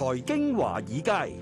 財經華爾街，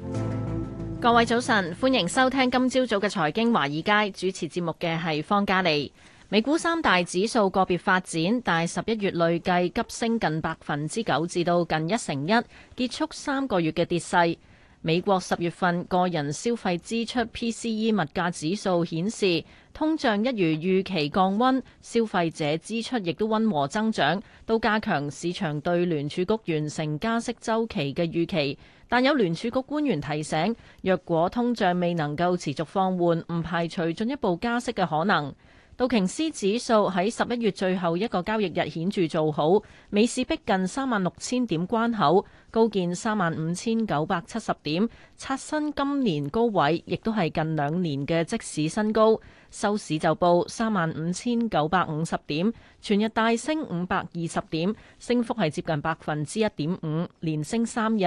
各位早晨，歡迎收聽今朝早嘅財經華爾街，主持節目嘅係方嘉利。美股三大指數個別發展，但十一月累計急升近百分之九，至到近一成一，結束三個月嘅跌勢。美國十月份個人消費支出 （PCE） 物價指數顯示，通脹一如預期降温，消費者支出亦都温和增長，都加強市場對聯儲局完成加息週期嘅預期。但有聯儲局官員提醒，若果通脹未能夠持續放緩，唔排除進一步加息嘅可能。道瓊斯指數喺十一月最後一個交易日顯著做好，美市逼近三萬六千點關口，高見三萬五千九百七十點，刷新今年高位，亦都係近兩年嘅即市新高。收市就報三萬五千九百五十點，全日大升五百二十點，升幅係接近百分之一點五，連升三日。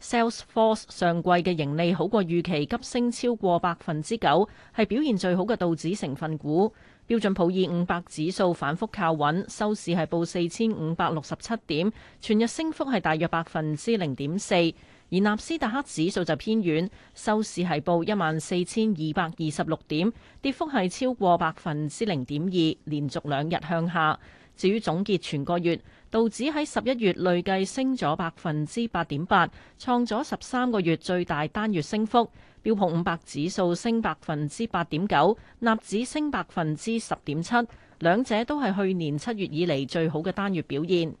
Salesforce 上季嘅盈利好過預期，急升超過百分之九，係表現最好嘅道指成分股。標準普爾五百指數反覆靠穩，收市係報四千五百六十七點，全日升幅係大約百分之零點四。而納斯達克指數就偏軟，收市係報一萬四千二百二十六點，跌幅係超過百分之零點二，連續兩日向下。至於總結全個月，道指喺十一月累計升咗百分之八點八，創咗十三個月最大單月升幅。標普五百指數升百分之八點九，納指升百分之十點七，兩者都係去年七月以嚟最好嘅單月表現。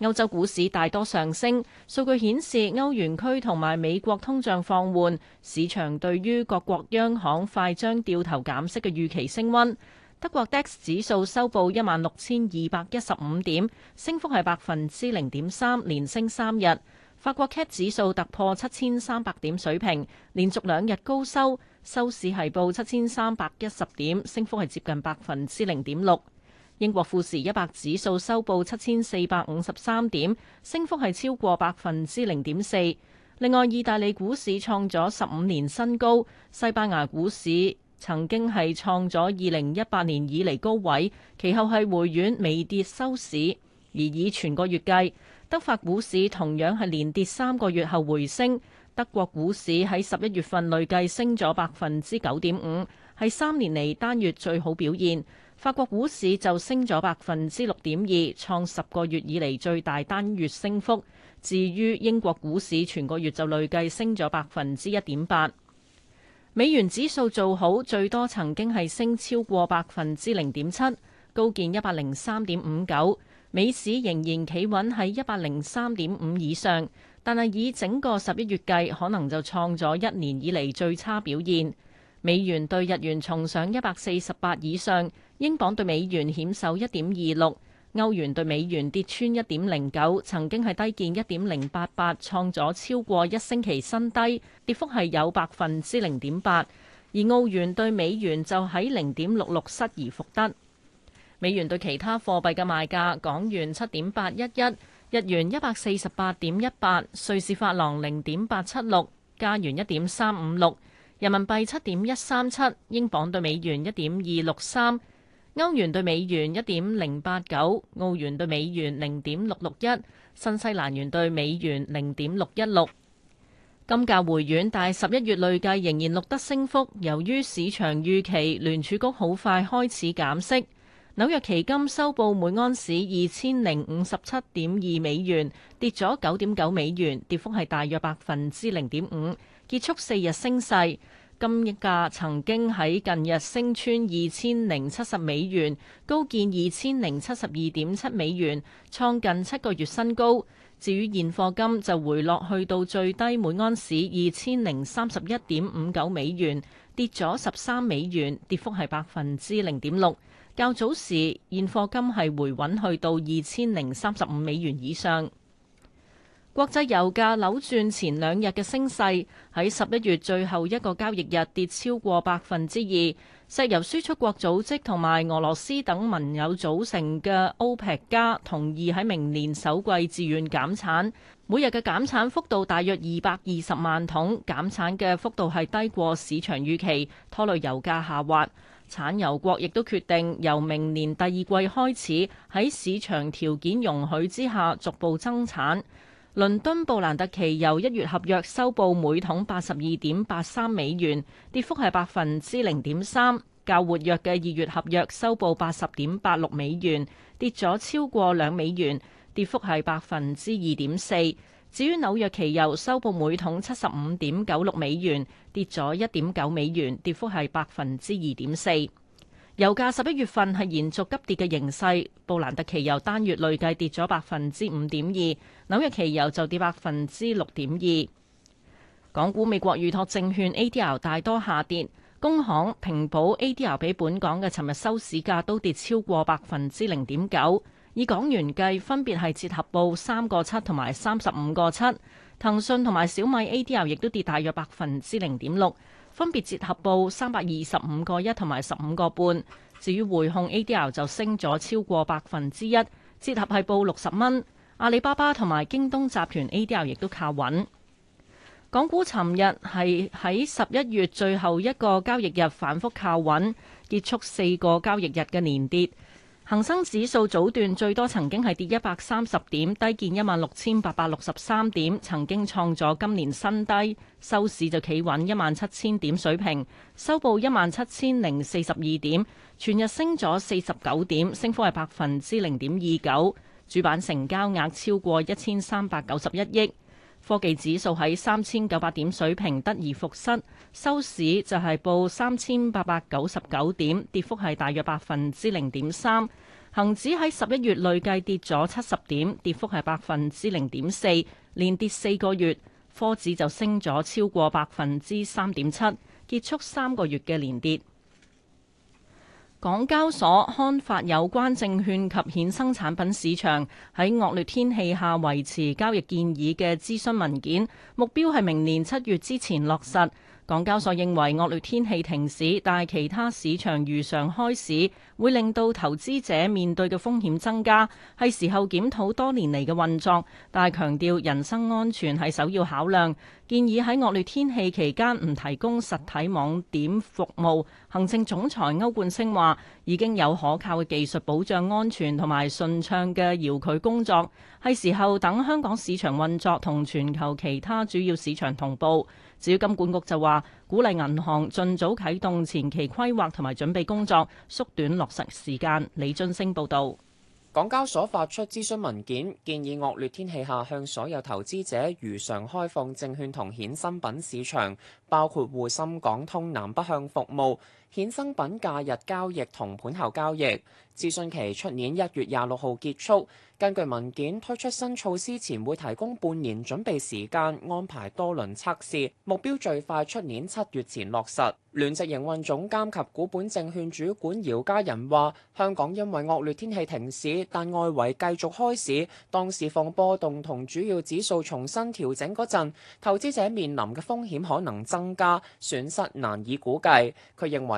歐洲股市大多上升，數據顯示歐元區同埋美國通脹放緩，市場對於各國央行快將掉頭減息嘅預期升溫。德國 DAX 指數收報一萬六千二百一十五點，升幅係百分之零點三，連升三日。法國 CAC 指數突破七千三百點水平，連續兩日高收，收市係報七千三百一十點，升幅係接近百分之零點六。英國富時一百指數收報七千四百五十三點，升幅係超過百分之零點四。另外，意大利股市創咗十五年新高，西班牙股市曾經係創咗二零一八年以嚟高位，其後係回軟微跌收市，而以全個月計。德法股市同樣係連跌三個月後回升，德國股市喺十一月份累計升咗百分之九點五，係三年嚟單月最好表現。法國股市就升咗百分之六點二，創十個月以嚟最大單月升幅。至於英國股市，全個月就累計升咗百分之一點八。美元指數做好，最多曾經係升超過百分之零點七，高見一百零三點五九。美市仍然企穩喺一百零三點五以上，但係以整個十一月計，可能就創咗一年以嚟最差表現。美元兌日元重上一百四十八以上，英鎊兌美元險守一點二六，歐元兌美元跌穿一點零九，曾經係低見一點零八八，創咗超過一星期新低，跌幅係有百分之零點八。而澳元兌美元就喺零點六六失而復得。美元對其他貨幣嘅賣價：港元七點八一一，日元一百四十八點一八，瑞士法郎零點八七六，加元一點三五六，人民幣七點一三七，英鎊對美元一點二六三，歐元對美元一點零八九，澳元對美元零點六六一，新西蘭元對美元零點六一六。金價回軟，但十一月累計仍然錄得升幅，由於市場預期，聯儲局好快開始減息。紐約期金收報每安士二千零五十七點二美元，跌咗九點九美元，跌幅係大約百分之零點五，結束四日升勢。金價曾經喺近日升穿二千零七十美元，高見二千零七十二點七美元，創近七個月新高。至於現貨金就回落去到最低每安士二千零三十一點五九美元，跌咗十三美元，跌幅係百分之零點六。較早時，現貨金係回穩去到二千零三十五美元以上。國際油價扭轉前兩日嘅升勢，喺十一月最後一個交易日跌超過百分之二。石油輸出國組織同埋俄羅斯等盟友組成嘅歐佩克加同意喺明年首季自願減產，每日嘅減產幅度大約二百二十萬桶，減產嘅幅度係低過市場預期，拖累油價下滑。產油國亦都決定由明年第二季開始，喺市場條件容許之下逐步增產。倫敦布蘭特期油一月合約收報每桶八十二點八三美元，跌幅係百分之零點三；較活躍嘅二月合約收報八十點八六美元，跌咗超過兩美元，跌幅係百分之二點四。至於紐約期油收報每桶七十五點九六美元，跌咗一點九美元，跌幅係百分之二點四。油價十一月份係延續急跌嘅形勢，布蘭特期油單月累計跌咗百分之五點二，紐約期油就跌百分之六點二。港股美國預託證券 ADR 大多下跌，工行、平保 ADR 比本港嘅尋日收市價都跌超過百分之零點九。以港元計，分別係折合報三個七同埋三十五個七。騰訊同埋小米 ADR 亦都跌大約百分之零點六，分別折合報三百二十五個一同埋十五個半。至於匯控 ADR 就升咗超過百分之一，折合係報六十蚊。阿里巴巴同埋京東集團 ADR 亦都靠穩。港股尋日係喺十一月最後一個交易日反覆靠穩，結束四個交易日嘅連跌。恒生指數早段最多曾經係跌一百三十點，低見一萬六千八百六十三點，曾經創咗今年新低。收市就企穩一萬七千點水平，收報一萬七千零四十二點，全日升咗四十九點，升幅係百分之零點二九。主板成交額超過一千三百九十一億。科技指數喺三千九百點水平得而復失，收市就係報三千八百九十九點，跌幅係大約百分之零點三。恒指喺十一月累計跌咗七十點，跌幅係百分之零點四，連跌四個月。科指就升咗超過百分之三點七，結束三個月嘅連跌。港交所刊發有關證券及衍生產品市場喺惡劣天氣下維持交易建議嘅諮詢文件，目標係明年七月之前落實。港交所認為惡劣天氣停市，但係其他市場如常開市，會令到投資者面對嘅風險增加，係時候檢討多年嚟嘅運作，但係強調人身安全係首要考量，建議喺惡劣天氣期間唔提供實體網點服務，行政總裁歐冠升話已經有可靠嘅技術保障安全同埋順暢嘅遙距工作，係時候等香港市場運作同全球其他主要市場同步。至於金管局就話鼓勵銀行盡早啟動前期規劃同埋準備工作，縮短落實時間，李俊升報道。港交所發出諮詢文件，建議惡劣天氣下向所有投資者如常開放證券同衍生品市場，包括滬深港通南北向服務。衍生品假日交易同盤後交易諮詢期出年一月廿六號結束。根據文件，推出新措施前會提供半年準備時間，安排多輪測試，目標最快出年七月前落實。聯席營運總監及股本證券主管姚家仁話：香港因為惡劣天氣停市，但外圍繼續開市。當市況波動同主要指數重新調整嗰陣，投資者面臨嘅風險可能增加，損失難以估計。佢認為，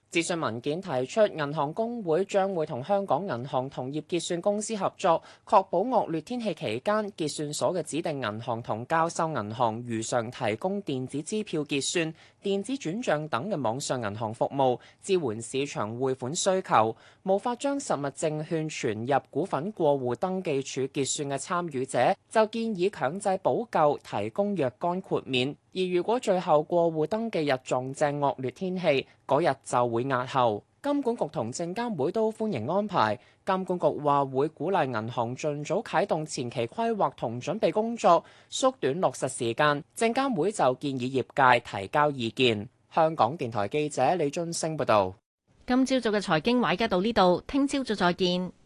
諮詢文件提出，銀行公會將會同香港銀行同業結算公司合作，確保惡劣天氣期間結算所嘅指定銀行同交收銀行如常提供電子支票結算、電子轉帳等嘅網上銀行服務，支援市場匯款需求。無法將實物證券存入股份過戶登記處結算嘅參與者，就建議強制補救，提供若干豁免。而如果最後過戶登記日撞正惡劣天氣，嗰日就會押後。金管局同證監會都歡迎安排。監管局話會鼓勵銀行盡早啟動前期規劃同準備工作，縮短落實時間。證監會就建議業界提交意見。香港電台記者李俊星報導。今朝早嘅財經話而家到呢度，聽朝早再見。